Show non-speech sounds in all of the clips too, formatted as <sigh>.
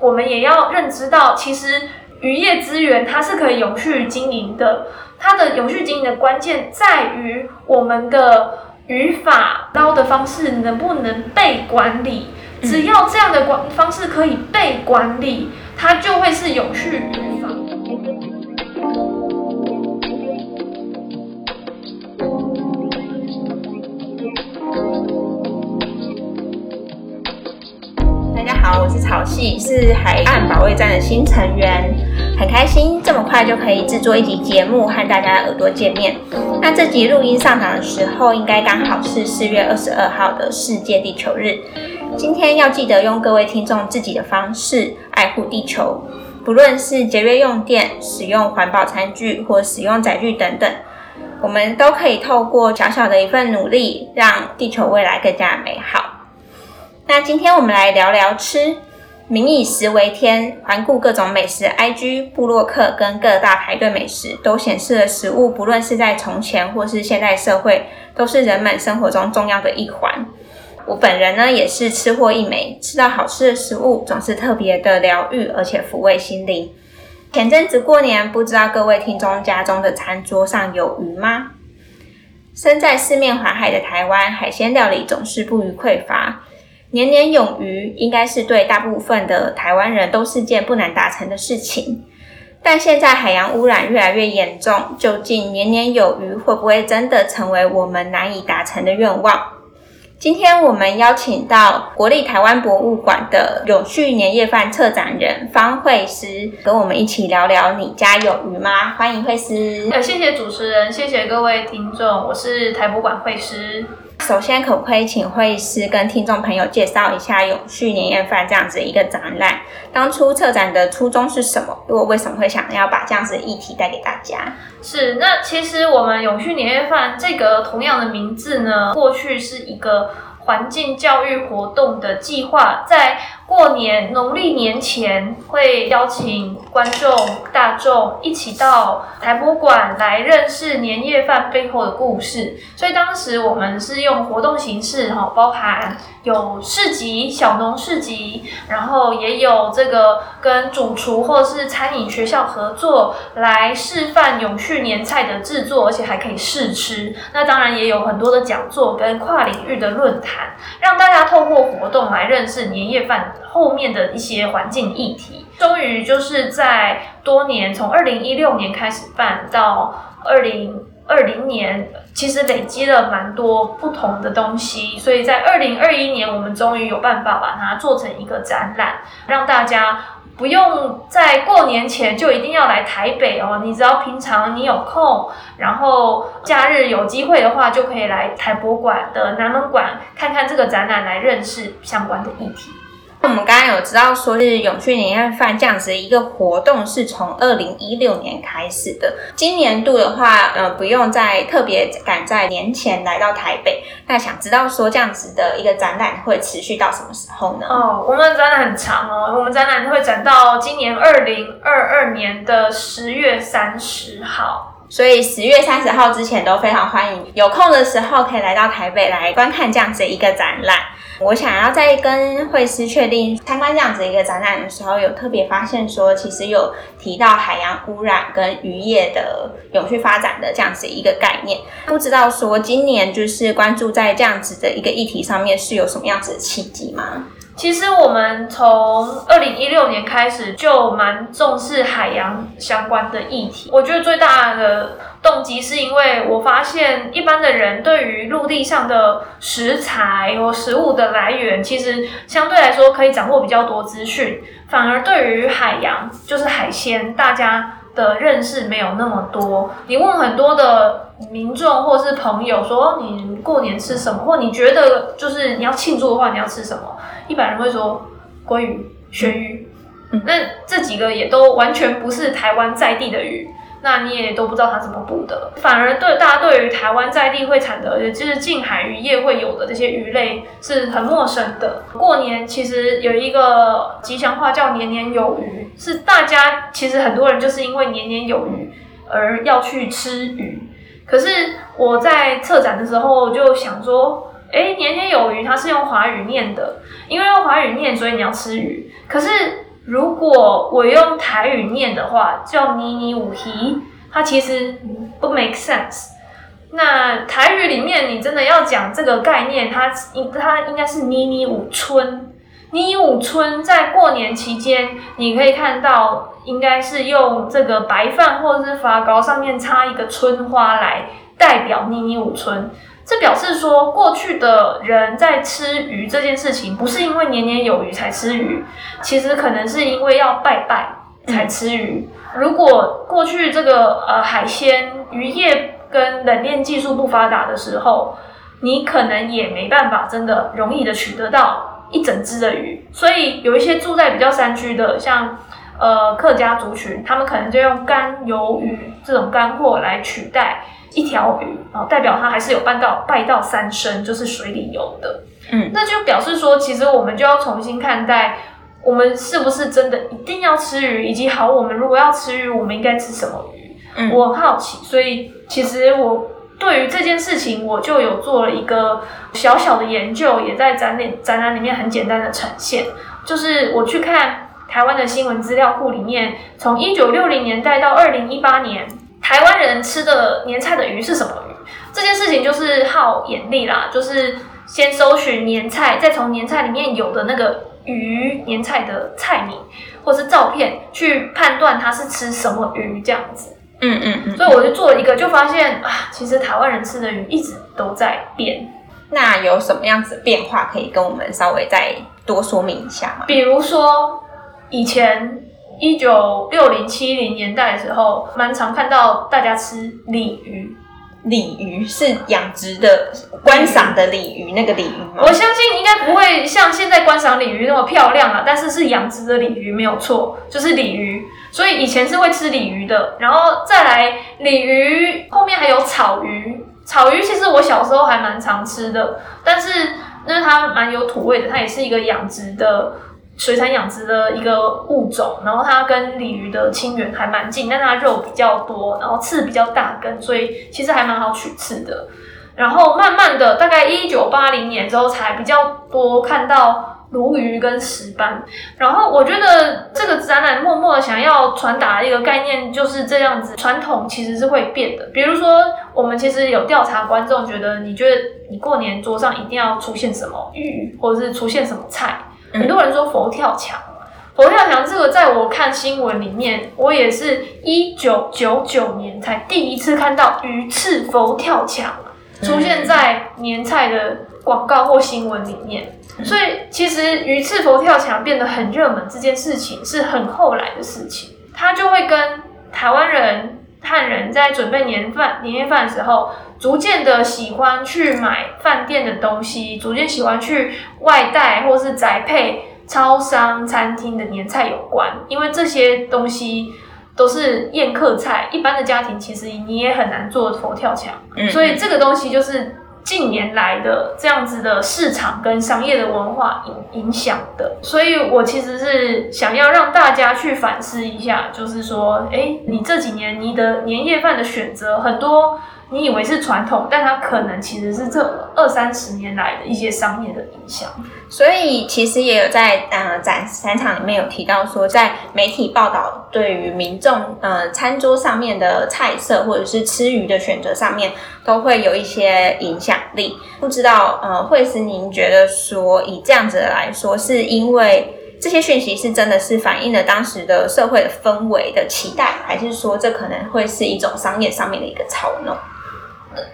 我們也要認知到，其實漁業資源它是可以永續經營的。它的永續經營的關鍵在於我們的漁法撈的方式能不能被管理。只要這樣的管方式可以被管理，它就會是永續好戲是海岸保衛站的新成員，很開心這麼快就可以制作一集節目和大家的耳朵見面。那這集錄音上場的時候，應該剛好是四月二十二號的世界地球日。今天要記得用各位聽眾自己的方式愛護地球，不論是節約用電、使用環保餐具或使用載具等等，我們都可以透過小小的一份努力，讓地球未來更加美好。那今天我們來聊聊吃。民以食為天，環顧各種美食，IG、部落客跟各大排隊美食，都顯示了食物不論是在從前或是現代社會，都是人們生活中重要的一環。我本人呢，也是吃貨一枚，吃到好吃的食物總是特別的療癒，而且撫慰心靈。前陣子過年，不知道各位聽眾家中的餐桌上有魚嗎？身在四面環海的台灣，海鮮料理總是不虞匱乏。年年有魚應該是對大部分的台灣人都是件不難達成的事情。但現在海洋污染越來越嚴重，究竟年年有魚會不會真的成為我們難以達成的願望？今天我們邀請到國立台灣博物館的“永續年夜飯”策展人方慧詩，和我們一起聊聊“你家有魚嗎？”歡迎慧詩。呃、欸，謝謝主持人，謝謝各位聽眾，我是台博館慧詩。首先，可不可以請慧詩跟聽眾朋友介紹一下“永續年夜飯”這樣子一個展覽？當初策展的初衷是什麼？因為我為什麼會想要把這樣子的議題帶給大家？是，那其實我們“永續年夜飯”這個同樣的名字呢，過去是一個環境教育活動的計劃，在過年農曆年前會邀請觀眾大眾一起到台博館來認識年夜飯背後的故事，所以當時我們是用活動形式，哈，包含有市集小農市集，然後也有這個跟主廚或是餐飲學校合作來示範永續年菜的製作，而且還可以試吃。那當然也有很多的講座跟跨領域的論壇，讓大家透過活動來認識年夜飯。後面的一些環境議題，終於就是在多年從二零一六年開始辦到二零二零年，其實累積了蠻多不同的東西，所以在二零二一年，我們終於有辦法把它做成一個展覽，讓大家不用在過年前就一定要來台北哦，你只要平常你有空，然後假日有機會的話，就可以來台博館的南門館看看這個展覽，來認識相關的議題。那我們剛剛有知道說，是永續年夜飯這樣子的一個活動，是從二零一六年開始的。今年度的話，呃，不用再特別趕在年前來到台北。那想知道說，這樣子的一個展覽會持續到什麼時候呢？哦，我們的展覽很長哦，我們展覽會展到今年二零二二年的十月三十號。所以十月三十號之前都非常歡迎，有空的時候可以來到台北來觀看這樣子一個展覽。我想要再跟慧詩確定參觀這樣子一個展覽的時候，有特別發現說，其實有提到海洋污染跟漁業的永續發展的這樣子一個概念。不知道說今年就是關注在這樣子的一個議題上面，是有什麼樣子的契機嗎？其實我們從二零一六年開始就蠻重視海洋相關的議題。我覺得最大的動機是因為我發現一般的人對於陸地上的食材和食物的來源，其實相對來說可以掌握比較多資訊，反而對於海洋，就是海鮮，大家的認識沒有那麼多。你問很多的民眾或是朋友說，你過年吃什麼，或你覺得就是你要慶祝的話，你要吃什麼？一般人會說鮭魚、鱈魚，那、嗯、這幾個也都完全不是台灣在地的魚。那你也都不知道它怎麼捕的，反而對大家對於台灣在地會產的，也就是近海漁業會有的這些魚類是很陌生的。過年其實有一個吉祥話叫“年年有餘”，是大家其實很多人就是因為“年年有餘”而要去吃魚。可是我在策展的時候就想說，哎，“年年有餘”它是用華語唸的，因為用華語唸，所以你要吃魚。可是。如果我用台語念的話，叫“年年有餘”，它其實不 make sense。那台語裡面，你真的要講這個概念，它應它應該是“年年有春”。年年有春，在過年期間，你可以看到，應該是用這個白飯或者是發糕上面插一個春花來代表“年年有春”。這表示說，過去的人在吃魚這件事情，不是因為年年有餘才吃魚，其實可能是因為要拜拜才吃魚。如果過去這個呃海鮮漁業跟冷鏈技術不發達的時候，你可能也沒辦法真的容易的取得到一整隻的魚，所以有一些住在比較山區的，像呃客家族群，他們可能就用乾魷魚這種乾貨來取代。一條魚啊，代表它還是有辦到拜到三牲，就是水裡游的。嗯，那就表示說，其實我們就要重新看待我們是不是真的一定要吃魚，以及好，我們如果要吃魚，我們應該吃什麼魚？嗯，我很好奇，所以其實我對於這件事情，我就有做了一個小小的研究，也在展覽展覽裡面很簡單的呈現，就是我去看台灣的新聞資料庫裡面，從一九六零年代到二零一八年。台灣人吃的年菜的魚是什麼魚？這件事情就是耗眼力啦，就是先搜尋年菜，再從年菜裡面有的那個魚年菜的菜名或是照片去判斷它是吃什麼魚這樣子。嗯嗯。嗯嗯嗯，所以我就做了一個，就發現啊，其實台灣人吃的魚一直都在變。那有什麼樣子的變化可以跟我們稍微再多說明一下嗎？比如說以前。一九六零七零年代的時候，蠻常看到大家吃鯉魚。鯉魚是養殖的、魚觀賞的鯉魚，那個鯉魚嗎，我相信應該不會像現在觀賞鯉魚那麼漂亮啊。但是是養殖的鯉魚沒有錯，就是鯉魚。所以以前是會吃鯉魚的，然後再來鯉魚後面還有草魚。草魚其實我小時候還蠻常吃的，但是那它蠻有土味的，它也是一個養殖的。水產養殖的一個物種，然後它跟鯉魚的親緣還蠻近，但它肉比較多，然後刺比較大根，所以其實還蠻好取刺的。然後慢慢的，大概一九八零年之後，才比較多看到鱸魚跟石斑。然後我覺得這個展覽默默想要傳達一個概念就是這樣子，傳統其實是會變的。比如說，我們其實有調查觀眾，覺得你覺得你過年桌上一定要出現什麼魚，或者是出現什麼菜？嗯、很多人說佛跳牆，佛跳牆這個，在我看新聞裡面，我也是一九九九年才第一次看到魚翅佛跳牆出現在年菜的廣告或新聞裡面。嗯、所以，其實魚翅佛跳牆變得很熱門這件事情，是很後來的事情。他就會跟台灣人。漢人在準備年飯年夜飯的時候，逐漸的喜歡去買飯店的東西，逐漸喜歡去外帶或是宅配、超商、餐廳的年菜有關，因為這些東西都是宴客菜，一般的家庭其實你也很難做佛跳牆，嗯嗯，所以這個東西就是。近年來的這樣子的市場跟商業的文化影影響的，所以我其實是想要讓大家去反思一下，就是說，誒，你這幾年你的年夜飯的選擇很多。你以為是傳統，但它可能其實是這二三十年來的一些商業的影響。所以其實也有在呃展展場裡面有提到說，在媒體報道對於民眾呃餐桌上面的菜色或者是吃魚的選擇上面都會有一些影響力。不知道呃慧詩您覺得說，以這樣子來說，是因為這些訊息是真的是反映了當時的社會的氛圍的期待，還是說這可能會是一種商業上面的一個操弄？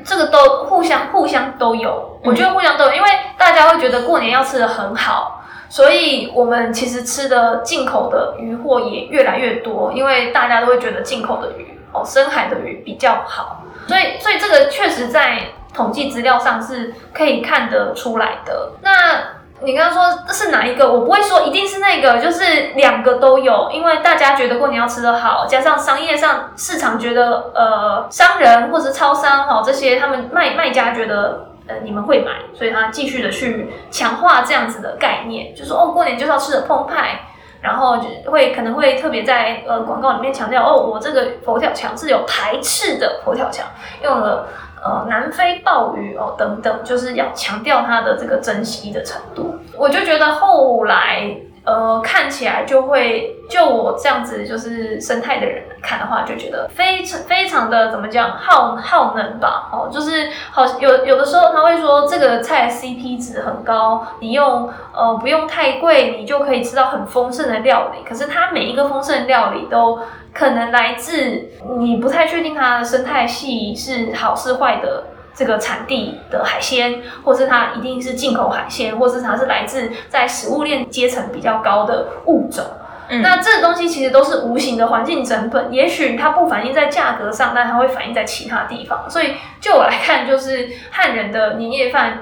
這個都互相互相都有，我覺得互相都有，因為大家會覺得過年要吃得很好，所以我們其實吃的進口的魚貨也越來越多，因為大家都會覺得進口的魚哦，深海的魚比較好，所以所以這個確實在統計資料上是可以看得出來的。那。你剛剛說這是哪一個？我不會說一定是那個，就是兩個都有，因為大家覺得過年要吃得好，加上商業上市場覺得，呃，商人或是超商好、哦，這些他們賣賣家覺得，呃，你們會買，所以他繼續的去強化這樣子的概念，就是哦過年就是要吃的澎湃，然後就會可能會特別在呃廣告裡面強調哦我這個佛跳牆是有排翅的佛跳牆用了。呃，南非鮑魚哦，等等，就是要強調它的這個珍惜的程度。我就覺得後來。呃，看起來就會就我這樣子就是生態的人看的話，就覺得非常非常的怎麼講耗耗能吧，哦、呃，就是好有有的時候他會說這個菜的 CP 值很高，你用呃不用太貴，你就可以吃到很豐盛的料理。可是它每一個豐盛料理都可能來自你不太確定它的生態系是好是壞的。這個產地的海鮮，或是它一定是進口海鮮，或是它是來自在食物鏈階層比較高的物種。嗯，那這東西其實都是無形的環境成本，也許它不反映在價格上，但它會反映在其他地方。所以就我來看，就是漢人的年夜飯，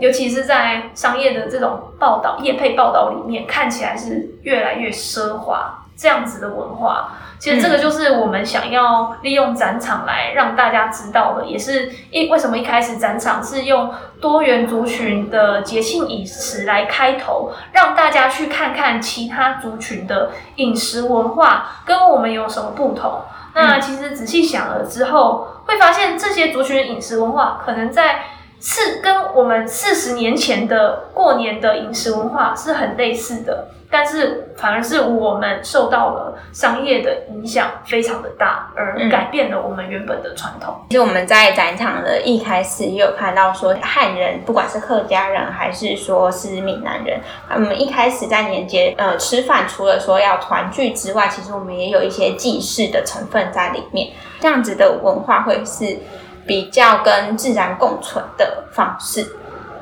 尤其是在商業的這種報道、業配報道裡面，看起來是越來越奢華。這樣子的文化，其實這個就是我們想要利用展場來讓大家知道的，嗯、也是一為什麼一開始展場是用多元族群的節慶飲食來開頭，讓大家去看看其他族群的飲食文化跟我們有什麼不同。嗯、那其實仔細想了之後，會發現這些族群的飲食文化可能在是跟我們四十年前的過年的飲食文化是很類似的。但是反而是我們受到了商業的影響非常的大，而改變了我們原本的傳統。嗯、其實我們在展場的一開始也有看到說，漢人不管是客家人還是說是閩南人，他、嗯、們一開始在年節呃吃飯，除了說要團聚之外，其實我們也有一些祭祀的成分在裡面。這樣子的文化會是比較跟自然共存的方式。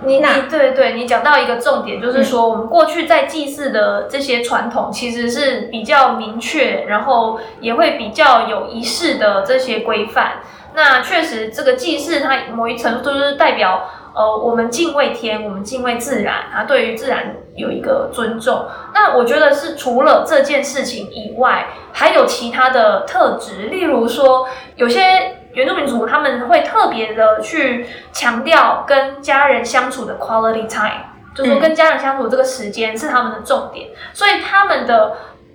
你對，對對，你講到一個重點，就是說我們過去在祭祀的這些傳統，其實是比較明確，然後也會比較有儀式的這些規範。那確實，這個祭祀它某一程度就是代表，呃，我們敬畏天，我們敬畏自然，啊，對於自然有一個尊重。那我覺得是除了這件事情以外，還有其他的特質，例如說有些。原住民族，他們會特別的去強調跟家人相處的 quality time，就是說跟家人相處這個時間是他們的重點，嗯、所以他們的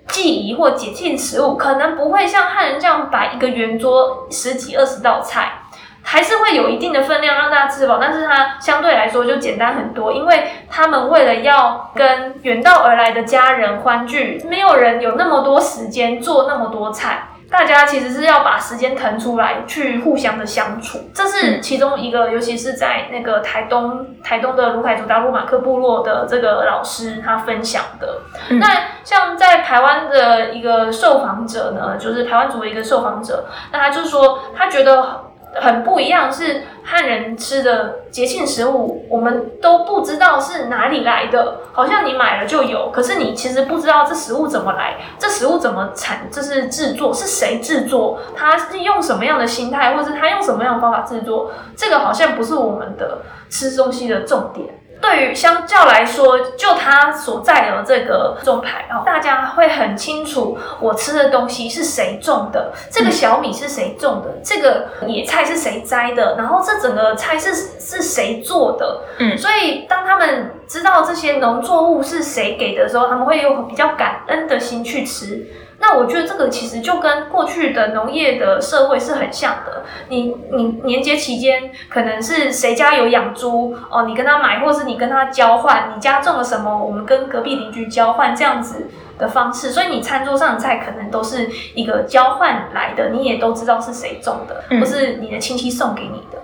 祭儀或節慶食物可能不會像漢人這樣擺一個圓桌十幾二十道菜，還是會有一定的分量讓大家吃飽，但是它相對來說就簡單很多，因為他們為了要跟遠道而來的家人歡聚，沒有人有那麼多時間做那麼多菜。大家其實是要把時間騰出來去互相的相處，這是其中一個，嗯、尤其是在那個台東，台東的魯凱族、達魯瑪克部落的這個老師他分享的。嗯、那像在台灣的一個受訪者呢，就是台灣族的一個受訪者，那他就說他覺得。很不一樣，是漢人吃的節慶食物，我們都不知道是哪裡來的。好像你買了就有，可是你其實不知道這食物怎麼來，這食物怎麼產，就是制作是誰制作，他是，是用什麼樣的心態，或者是他用什麼樣的方法制作，這個好像不是我們的吃東西的重點。對於相較來說，就他所在的這個中排哦，大家會很清楚我吃的東西是誰種的，這個小米是誰種的，嗯、這個野菜是誰摘的，然後這整個菜是是誰做的。嗯，所以當他們知道這些農作物是誰給的時候，他們會用比較感恩的心去吃。那我覺得這個其實就跟過去的農業的社會是很像的你。你你年節期間，可能是誰家有養豬哦，你跟他買，或是你跟他交換，你家種了什麼，我們跟隔壁鄰居交換這樣子的方式。所以你餐桌上的菜可能都是一個交換來的，你也都知道是誰種的，嗯、或是你的親戚送給你的。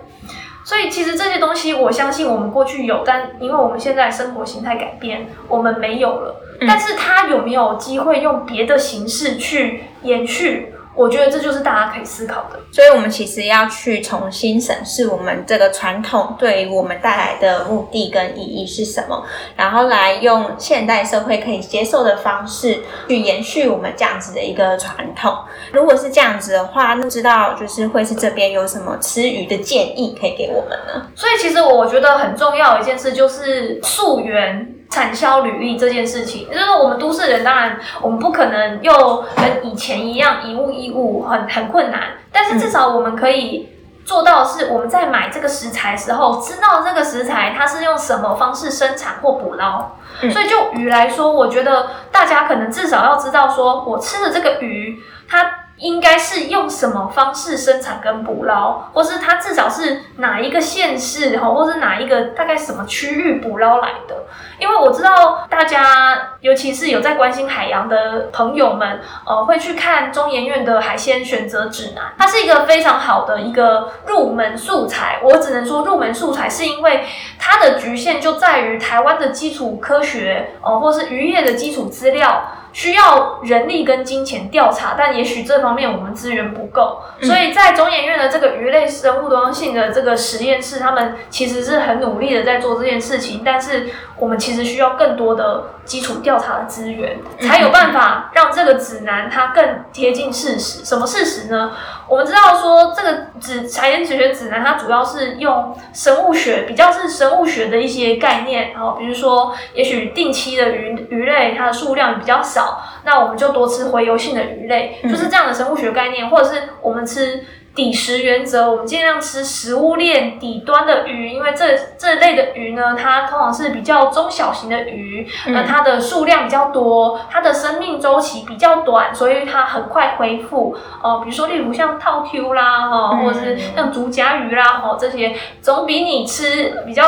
所以其實這些東西，我相信我們過去有，但因為我們現在生活形態改變，我們沒有了。但是他有沒有機會用別的形式去延續？我覺得這就是大家可以思考的。所以，我們其實要去重新審視我們這個傳統對於我們帶來的目的跟意義是什麼，然後來用現代社會可以接受的方式去延續我們這樣子的一個傳統。如果是這樣子的話，那不知道就是會是這邊有什麼吃魚的建議可以給我們呢？所以，其實我覺得很重要的一件事就是溯源、產銷履歷這件事情，就是我們都市人當然，我們不可能又跟以前一樣以物易物很很困難，但是至少我們可以做到是我們在買這個食材的時候，知道這個食材它是用什麼方式生產或捕撈，所以就魚來說，我覺得大家可能至少要知道，說我吃的這個魚它。應該是用什麼方式生產跟捕撈，或是它至少是哪一個縣市，哈，或是哪一個大概什麼區域捕撈來的？因為我知道大家，尤其是有在關心海洋的朋友們，呃，會去看中研院的海鮮選擇指南，它是一個非常好的一個入門素材。我只能說入門素材，是因為它的局限就在於台灣的基礎科學，哦、呃，或是漁業的基礎資料，需要人力跟金錢調查，但也許這方面我們資源不夠，嗯。所以在中研院的這個魚類生物多樣性的這個實驗室，他們其實是很努力的在做這件事情，但是我們其實需要更多的。基礎調查的資源，才有辦法讓這個指南它更貼近事實。什麼事實呢？我們知道說，這個指海洋科學指南它主要是用生物學，比較是生物學的一些概念。然後比如說，也許定期的魚魚類它的數量比較少，那我們就多吃洄游性的魚類，就是這樣的生物學概念，或者是我們吃。底食原則，我們盡量吃食物鏈底端的魚，因為這這類的魚呢，它通常是比較中小型的魚，那、嗯、它的數量比較多，它的生命週期比較短，所以它很快恢復。哦、呃，比如說例如像套 Q 啦哈，喔嗯、或者是像竹莢魚啦哈、喔、這些，總比你吃比較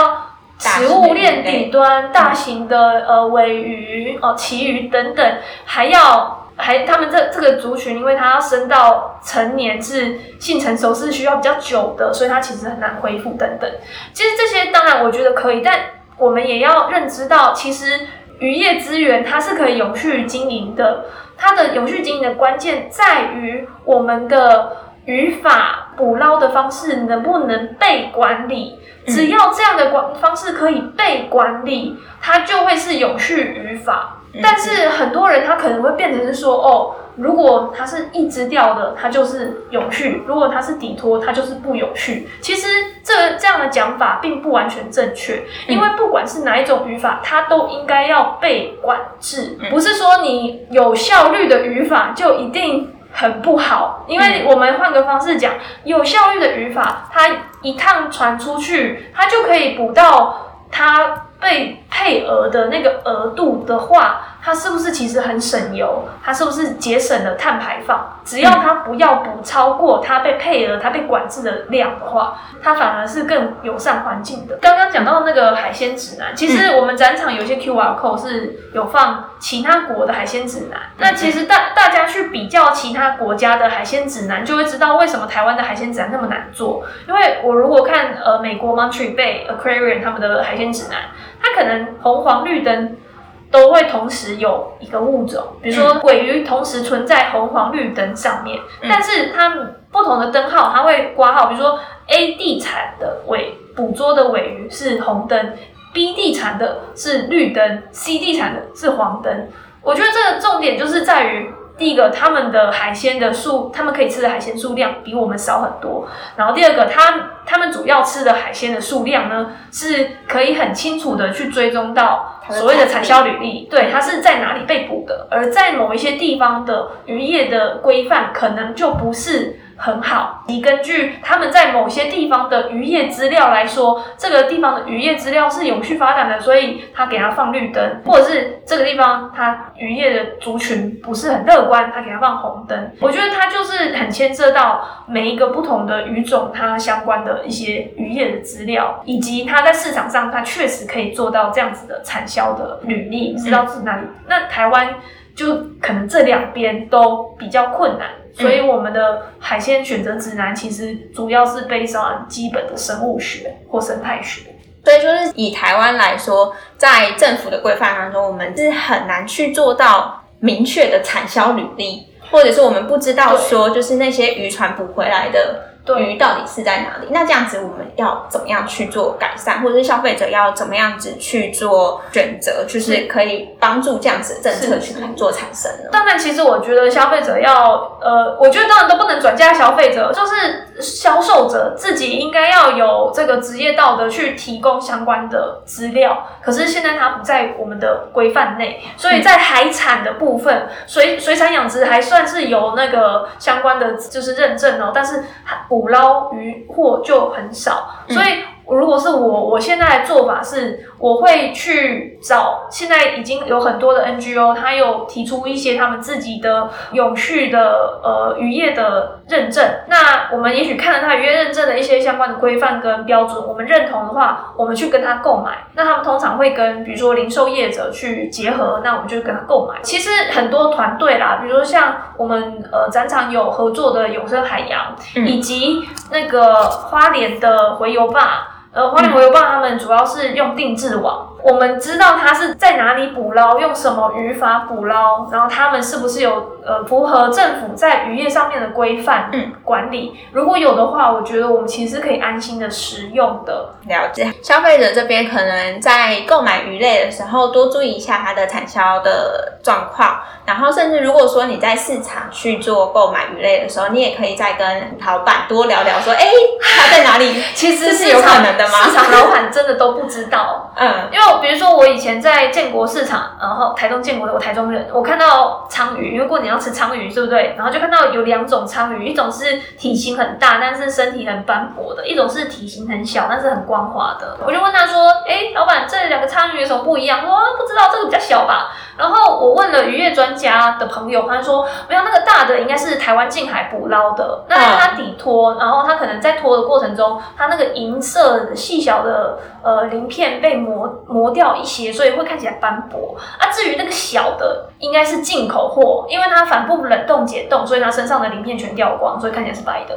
食物鏈底端大型的、嗯、呃鮪魚哦旗魚等等還要還他們這這個族群，因為他要生到成年是性成熟是需要比較久的，所以他其實很難恢復等等。其實這些當然我覺得可以，但我們也要認知到，其實漁業資源它是可以永續經營的。它的永續經營的關鍵在於我們的漁法捕撈的方式能不能被管理。嗯。只要這樣的管方式可以被管理，它就會是永續漁法。但是很多人他可能會變成是說哦，如果它是一支釣的，它就是永續；如果它是底拖，它就是不永續。」其實這個、這樣的講法並不完全正確，因為不管是哪一種漁法，它都應該要被管制。不是說你有效率的漁法就一定很不好，因為我們換個方式講，有效率的漁法，它一趟傳出去，它就可以捕到它。被配額的那個額度的話，它是不是其實很省油？它是不是節省了碳排放？只要它不要不超過它被配額、它被管制的量的話，它反而是更友善環境的。剛剛講到那個海鮮指南，其實我們展場有些 QR code 是有放其他國的海鮮指南。嗯、那其實大、嗯、大家去比較其他國家的海鮮指南，就會知道為什麼台灣的海鮮指南那麼難做。因為我如果看呃美國 Monterey Bay Aquarium 他們的海鮮指南。它可能紅黃綠燈都會同時有一個物種，比如說鮪魚同時存在紅黃綠燈上面，但是它不同的燈號它會掛號，比如說 A 地產的鮪捕捉的鮪魚是紅燈，B 地產的是綠燈，C 地產的是黃燈。我覺得這個重點就是在於。第一個，他們的海鮮的數，他們可以吃的海鮮數量比我們少很多。然後第二個，他們他們主要吃的海鮮的數量呢，是可以很清楚的去追蹤到所謂的產銷履歷，對，它是在哪裡被捕的，而在某一些地方的漁業的規範可能就不是，很好，你根據他們在某些地方的漁業資料來說，這個地方的漁業資料是永續發展的，所以他給他放綠燈，或者是這個地方它漁業的族群不是很樂觀，他給他放紅燈。嗯、我覺得他就是很牽涉到每一個不同的魚種，它相關的一些漁業的資料，以及它在市場上，它確實可以做到這樣子的產銷的履歷，知道、嗯、是哪裡。那台灣就可能這兩邊都比較困難。所以我們的海鮮選擇指南其實主要是背上基本的生物學或生態學，嗯。所以就是以台灣來說，在政府的規範當中，我們是很難去做到明確的產銷履歷，或者是我們不知道說就是那些漁船捕回來的，魚到底是在哪裡？那這樣子我們要怎麼樣去做改善，或者是消費者要怎麼樣子去做選擇，就是可以幫助這樣子的政策去做產生呢？嗯、當然，其實我覺得消費者要呃，我覺得當然都不能轉嫁消費者，就是銷售者自己應該要有這個職業道德去提供相關的資料。可是現在它不在我們的規範內，所以在海產的部分，水水產養殖還算是有那個相關的就是認證哦、喔，但是。捕撈魚獲就很少，所以，嗯。如果是我，我現在的做法是，我會去找，現在已經有很多的 NGO，他有提出一些他們自己的永續的呃漁業的認證。那我們也許看了他漁業認證的一些相關的規範跟標準，我們認同的話，我們去跟他購買。那他們通常會跟比如說零售業者去結合，那我們就跟他購買。其實很多團隊啦，比如說像我們呃展場有合作的永生海洋，嗯、以及那個花蓮的洄遊吧。呃，黃海圍網他們主要是用定置網。嗯、我們知道它是在哪裡捕撈，用什麼漁法捕撈，然後他們是不是有呃符合政府在漁業上面的規範嗯管理？嗯、如果有的話，我覺得我們其實可以安心的食用的。了解。消費者這邊可能在購買魚類的時候多注意一下它的產銷的狀況，然後甚至如果說你在市場去做購買魚類的時候，你也可以再跟老闆多聊聊說，說、欸、哎他在哪裡 <laughs> 其實是有可能的。市場老板真的都不知道， <laughs> 嗯，因為比如說我以前在建國市場，然後台中建國的我台中人，我看到鲳魚，因為過年要吃鲳魚，是不對，然後就看到有兩種鲳魚，一種是體型很大，但是身體很斑駁的，一種是體型很小，但是很光滑的。我就問他說，哎、欸，老板這兩個鲳魚有什麼不一樣？他說不知道，這個比較小吧。然後我問了漁業專家的朋友，他說沒有，那個大的應該是台灣近海捕撈的，那他底拖，然後他可能在拖的過程中，他那個銀色。細小的呃鱗片被磨磨掉一些，所以會看起來斑駁。啊，至於那個小的，應該是進口貨，因為它反覆冷凍解凍，所以它身上的鱗片全掉光，所以看起來是白的，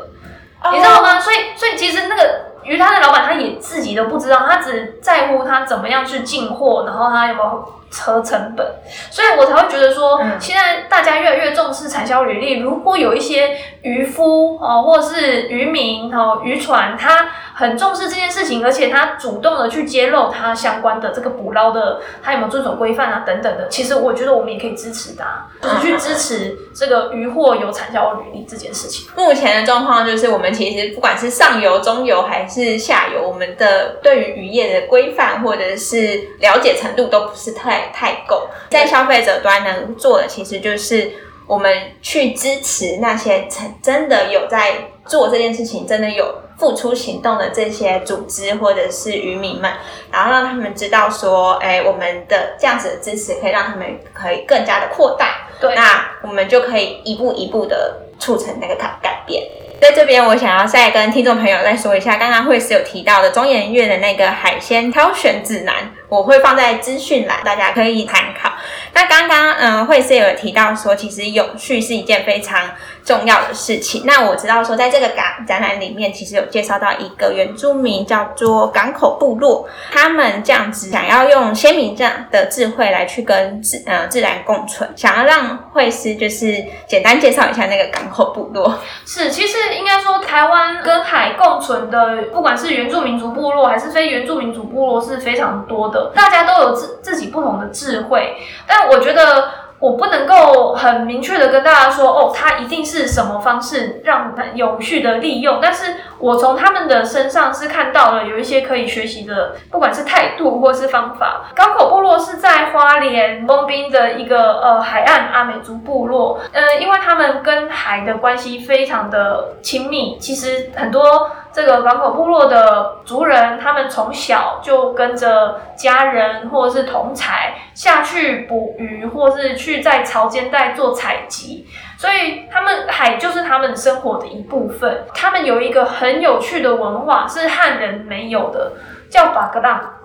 你、oh. 知道嗎？所以，所以其實那個魚攤的老闆他也自己都不知道，他只在乎他怎麼樣去進貨，然後他有沒有車成本，所以我才會覺得說，嗯、現在大家越來越重視產銷履歷，如果有一些漁夫哦、呃，或者是漁民哦，漁、呃、船他。很重視這件事情，而且他主動的去揭露他相關的這個捕撈的他有沒有這種規範啊等等的。其實我覺得我們也可以支持他，嗯、去支持這個漁獲有產銷履歷這件事情。啊啊、目前的狀況就是，我們其實不管是上游、中游還是下游，我們的對於漁業的規範或者是了解程度都不是太太夠。在消費者端能做的，其實就是我們去支持那些真真的有在做這件事情，真的有。付出行動的這些組織或者是漁民們，然後讓他們知道說，哎，我們的這樣子的知識可以讓他們可以更加的擴大。對，那我們就可以一步一步的促成那個改改變。在這邊，我想要再跟聽眾朋友再說一下，剛剛慧詩有提到的中研院的那個海鮮挑選指南，我會放在資訊欄，大家可以參考。那剛剛嗯，慧詩有提到說，其實永續是一件非常。重要的事情。那我知道說，在這個港展覽裡面，其實有介紹到一個原住民叫做港口部落，他們這樣子想要用先民這樣的智慧來去跟自呃自然共存，想要讓慧詩，就是簡單介紹一下那個港口部落。是，其實應該說台灣跟海共存的，不管是原住民族部落還是非原住民族部落，是非常多的，大家都有自自己不同的智慧。但我覺得。我不能夠很明確的跟大家說，哦，它一定是什麼方式讓它有序的利用，但是。我從他們的身上是看到了有一些可以學習的，不管是態度或是方法。港口部落是在花蓮豐濱的一個呃海岸阿美族部落，嗯、呃、因為他們跟海的關係非常的親密。其實很多這個港口部落的族人，他們從小就跟着家人或者是同儕下去捕魚，或是去在潮間帶做採集。所以，他們海就是他們生活的一部分。他們有一個很有趣的文化，是漢人沒有的，叫巴格浪。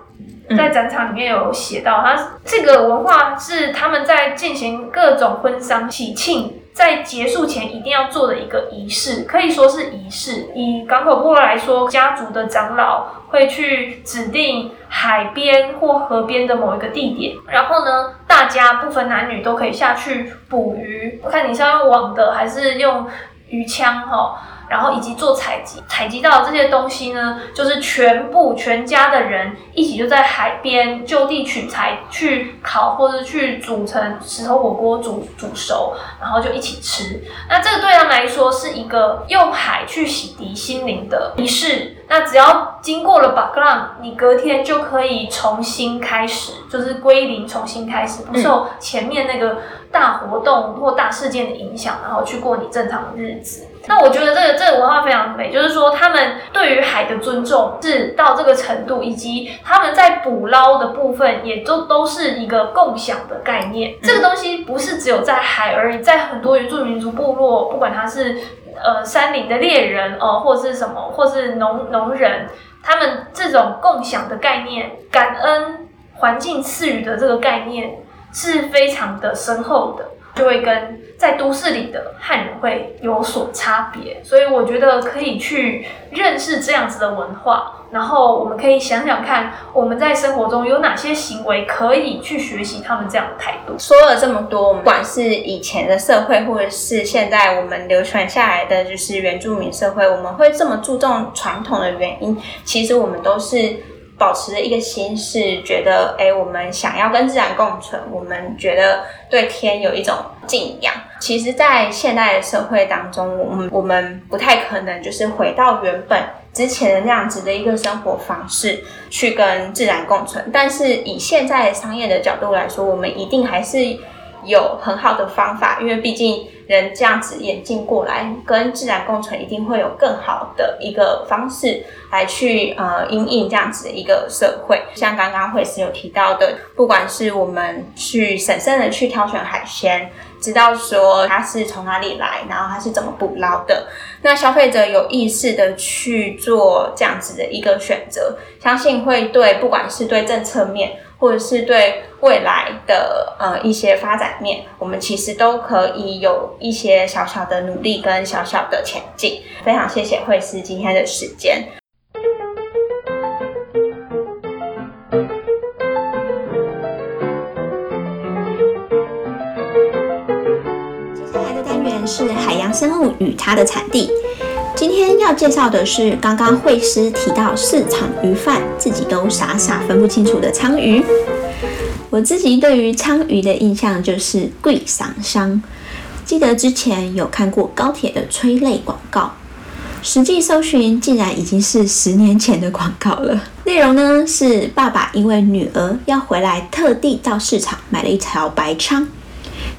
在展場裡面有寫到他，它、嗯、這個文化是他們在進行各種婚喪喜慶在結束前一定要做的一個儀式，可以說是儀式。以港口部落來說，家族的長老會去指定海邊或河邊的某一個地點，然後呢，大家不分男女都可以下去捕魚。我看你是要用網的還是用魚槍哈、哦？然後以及做採集，採集到的這些東西呢，就是全部全家的人一起就在海邊就地取材去烤或者去煮成石頭火鍋煮煮熟，然後就一起吃。那這個對他們來說是一個用海去洗滌心靈的儀式。那只要經過了 Pakelang，你隔天就可以重新開始，就是歸零重新開始，不受前面那個大活動或大事件的影響，然後去過你正常的日子。那我覺得這個這個文化非常美，就是說他們對於海的尊重是到這個程度，以及他們在捕撈的部分也都都是一個共享的概念。嗯、哼這個東西不是只有在海而已，在很多原住民族部落，不管他是呃山林的獵人，呃，或是什麼，或是農農人，他們這種共享的概念、感恩環境賜予的這個概念，是非常的深厚的。就會跟在都市裡的漢人會有所差別，所以我覺得可以去認識這樣子的文化，然後我們可以想想看我們在生活中有哪些行為可以去學習他們這樣的態度。說了這麼多，不管是以前的社會，或者是現在我們流傳下來的就是原住民社會，我們會這麼注重傳統的原因，其實我們都是。保持的一個心是覺得，哎、欸，我們想要跟自然共存，我們覺得對天有一種敬仰。其實，在現代的社會當中，我們我們不太可能就是回到原本之前的那樣子的一個生活方式去跟自然共存。但是，以現在商業的角度來說，我們一定還是。有很好的方法，因為畢竟人這樣子演進過來，跟自然共存，一定會有更好的一個方式來去呃，因應這樣子的一個社會。像剛剛慧詩有提到的，不管是我們去審慎的去挑選海鮮，知道說它是從哪裡來，然後它是怎麼捕撈的，那消費者有意識的去做這樣子的一個選擇，相信會對不管是對政策面。或者是對未來的呃一些發展面，我們其實都可以有一些小小的努力跟小小的前進。非常謝謝慧詩今天的時間。接下來的單元是海洋生物與它的產地。今天要介紹的是剛剛慧詩提到市場魚販自己都傻傻分不清楚的鯧魚。我自己對於鯧魚的印象就是貴、上香。記得之前有看過高鐵的催淚廣告，實際搜尋竟然已經是十年前的廣告了。內容呢是爸爸因為女兒要回來，特地到市場買了一條白鯧。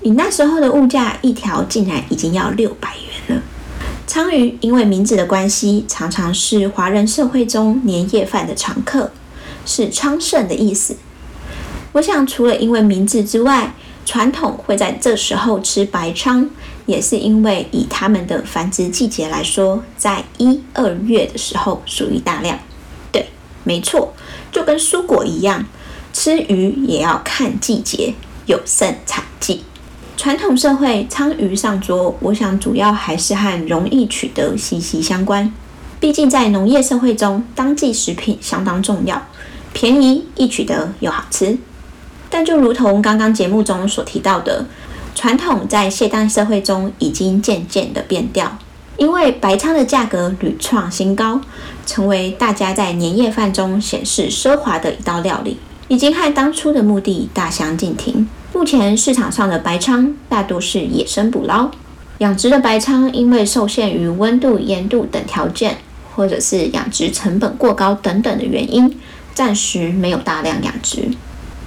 你那時候的物價，一條竟然已經要六百元。鯧魚因為名字的關係，常常是華人社會中年夜飯的常客，是昌盛的意思。我想，除了因為名字之外，傳統會在這時候吃白鯧，也是因為以他們的繁殖季節來說，在一二月的時候屬於大量。對，沒錯，就跟蔬果一樣，吃魚也要看季節，有盛產季。傳統社會，鯧魚上桌，我想主要還是和容易取得息息相關。畢竟在農業社會中，當季食品相當重要，便宜易取得又好吃。但就如同剛剛節目中所提到的，傳統在現代社會中已經漸漸的變掉，因為白鯧的價格屢創新高，成為大家在年夜飯中顯示奢華的一道料理，已經和當初的目的大相徑庭。目前市場上的白鯧大多是野生捕撈，養殖的白鯧因為受限於溫度、鹽度等條件，或者是養殖成本過高等等的原因，暫時沒有大量養殖。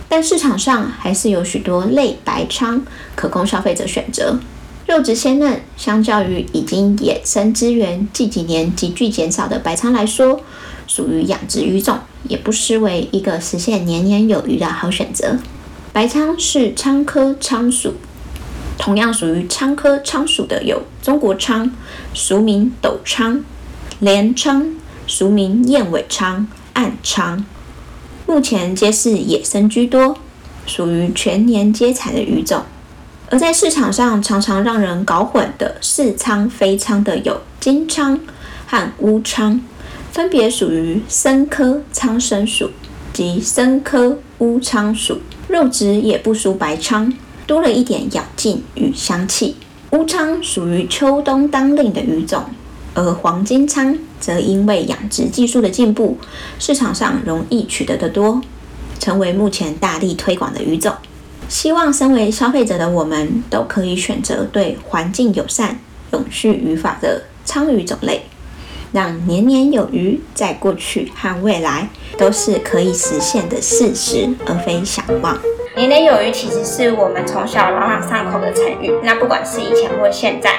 但市場上還是有許多類白鯧可供消費者選擇，肉質鮮嫩，相較於已經野生資源近幾年急劇減少的白鯧來說，屬於養殖魚種，也不失為一個實現年年有餘的好選擇。白鯧是鯧科鯧屬，同樣屬於鯧科鯧屬的有中國鯧、俗名斗鯧、鐮鯧、俗名燕尾鯧、暗鯧。目前皆是野生居多，屬於全年皆採的魚種。而在市場上常常讓人搞混的，似鯧非鯧的有金鯧和烏鯧，分別屬於鰺科鯧鰺屬及鰺科。烏昌鼠肉質也不輸白鯧，多了一點咬勁與香氣。烏鯧屬於秋冬當令的魚種，而黃金鯧則因為養殖技術的進步，市場上容易取得得多，成為目前大力推廣的魚種。希望身為消費者的我們，都可以選擇對環境友善、永續漁法的鯧魚種類。讓年年有餘，在過去和未來都是可以實現的事實，而非想望。年年有餘其實是我們從小朗朗上口的成語。那不管是以前或現在，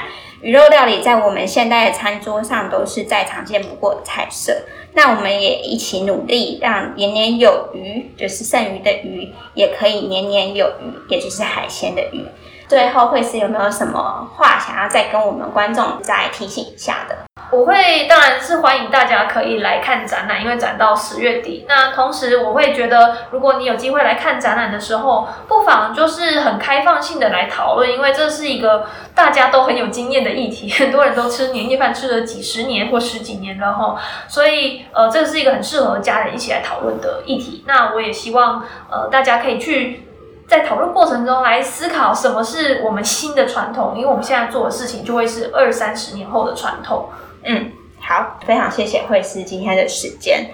魚肉料理在我們現代的餐桌上都是再常見不過的菜色。那我們也一起努力，讓年年有餘，就是剩餘的餘也可以年年有魚，也就是海鮮的魚。最後，慧詩有沒有什麼話想要再跟我們觀眾再提醒一下的？我會當然是歡迎大家可以來看展覽，因為展到十月底。那同時，我會覺得，如果你有機會來看展覽的時候，不妨就是很開放性的來討論，因為這是一個大家都很有經驗的議題，很多人都吃年夜飯吃了幾十年或十幾年了哈，所以呃，這是一個很適合家人一起來討論的議題。那我也希望呃，大家可以去在討論過程中來思考什麼是我們新的傳統，因為我們現在做的事情就會是二三十年後的傳統。嗯，好，非常謝謝慧詩今天的時間。